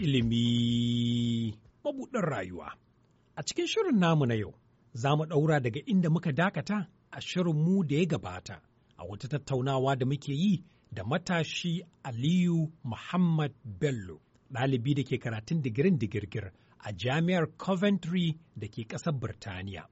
ilimi mabuɗin rayuwa. A cikin shirin namu na yau, za mu ɗaura daga inda muka dakata a shirin mu da ya gabata a wata tattaunawa da muke yi da matashi Aliyu Muhammad Bello, ɗalibi da ke karatun digirin digirgir a Jami'ar Coventry da ke ƙasar Birtaniya.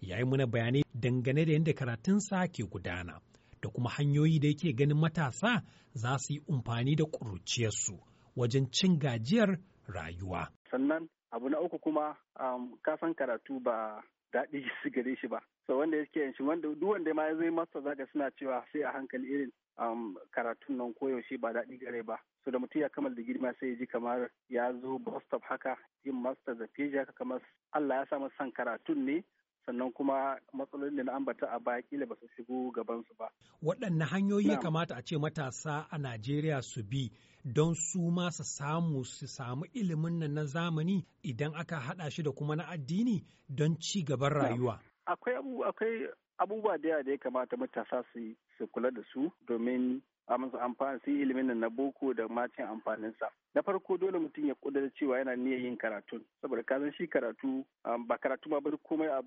Ya yi muna bayanai dangane da yadda karatunsa ke gudana. da kuma hanyoyi da yake ganin matasa za su yi umfani da ƙuruciyarsu wajen cin gajiyar rayuwa. Sannan abu na uku kuma um, kasan karatu ba daɗi su gare shi ba. So wanda yake yin shi wanda duk wanda ma ya zai masa zaka suna cewa sai a hankali irin um, karatun nan koyaushe ba daɗi gare ba. So da mutum ya kammala da girma sai ya ji kamar ya zo bus haka yin master da PhD haka kamar Allah ya sa masa son karatun ne sannan kuma matsalolin da na ambata a baya kila ba su shigo gabansu ba. Waɗanne hanyoyi ya kamata a ce matasa a Najeriya su bi don su ma su samu su samu ilimin nan na zamani idan aka haɗa shi da kuma na addini don ci gaban rayuwa. Akwai abubuwa da da ya kamata matasa su kula da su domin a musu amfani su ilimin nan na boko da macin amfaninsa na farko dole mutum ya kudura cewa yana niyyar yin karatu saboda ka san shi karatu um, ba karatu ba bari komai a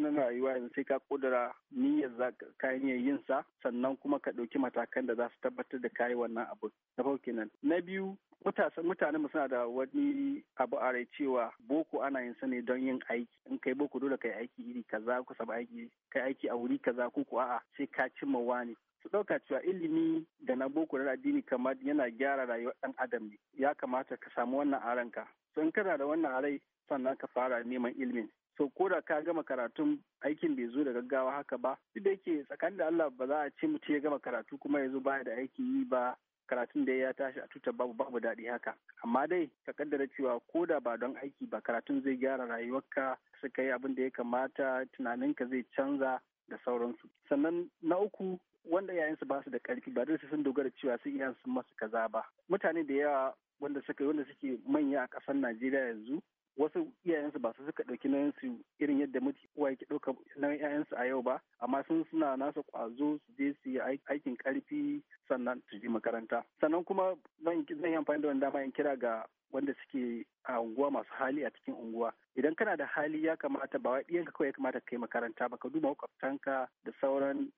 na rayuwa yanzu sai ka kudura niyyar za ka niyyar yin sa sannan kuma ka ɗauki matakan da za su tabbatar da kayi wannan abun. na farko kenan na biyu mutasan mutane suna da wani abu a rai cewa boko ana yin sa ne don yin aiki in kai boko dole kai aiki iri kaza ku aiki kai aiki a wuri kaza ko ko a'a sai ka cimma wani su ɗauka cewa ilimi da na boko da addini kamar yana gyara rayuwar ɗan adam ne ya kamata ka samu wannan aran ka sun in kana da wannan arai sannan ka fara neman ilimin so ko da ka gama karatun aikin bai zo da gaggawa haka ba duk da yake tsakanin da Allah ba za a ce mutum ya gama karatu kuma ya zo baya da aiki yi ba karatun da ya tashi a tuta babu babu daɗi haka amma dai ka kaddara cewa ko da ba don aiki ba karatun zai gyara rayuwarka suka yi abin da ya kamata tunaninka zai canza da sauransu sannan na uku wanda yayansu ba su da karfi ba dole sun dogara cewa sun iyan sun masu kaza ba mutane da yawa wanda suka wanda suke manya a kasar Najeriya yanzu wasu iyayensu ba su suka ɗauki nayansu irin yadda muke uwa yake ɗauka nauyin iyayensu a yau ba amma sun suna nasa ƙwazo su je su yi aikin karfi. sannan su je makaranta sannan kuma zan yi amfani da wani dama in kira ga wanda suke a unguwa masu hali a cikin unguwa idan kana da hali ya kamata ba ɗiyanka kawai ya kamata ka yi makaranta ba ka duba makwabtanka da sauran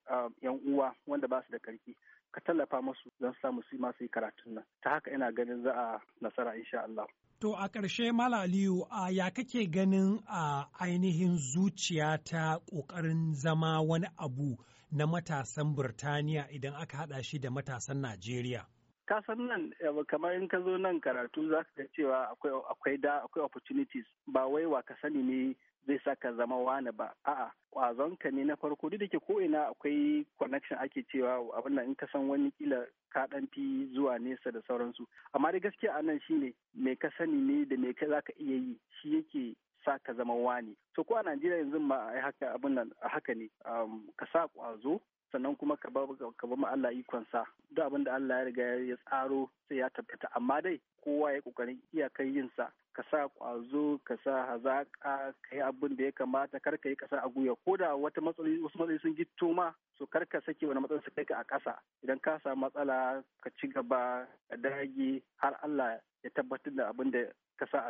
yan uwa wanda ba su da karfi ka tallafa musu don samu su masu yi karatun nan ta haka ina ganin za a nasara insha Allah. To a ƙarshe Mala Aliyu a ya kake ganin a ainihin zuciya ta ƙoƙarin zama wani abu na matasan Birtaniya idan aka hada shi da matasan Najeriya? ka san nan eh, kamar in ka zo nan karatu za ka ga cewa akwai da akwai opportunities ba wai wa ka sani ne zai sa ka zama wani ba a'a kwazon ka ne na farko duk da ke ko ina akwai connection ake cewa abin nan in ka san wani kila ka dan fi zuwa nesa da sauransu amma dai gaskiya anan shine me ka sani ne da me ka zaka iya yi shi yake sa ka zama wani to ko a najeriya yanzu ma haka abin nan haka ne ka sa ƙwazo sannan kuma ka ba ma Allah sa duk abin da Allah ya riga ya tsaro sai ya tabbata amma dai kowa ya kokarin iyakar sa ka sa kwazo ka sa hazaka ka yi abin da ya kamata kar ka yi kasa a guya ko da wata matsaloli wasu matsaloli sun gitto ma so kar ka sake wani matsaloli su kai ka a ƙasa idan ka samu matsala ka ci gaba ka dage har Allah ya tabbatar da abin da ka sa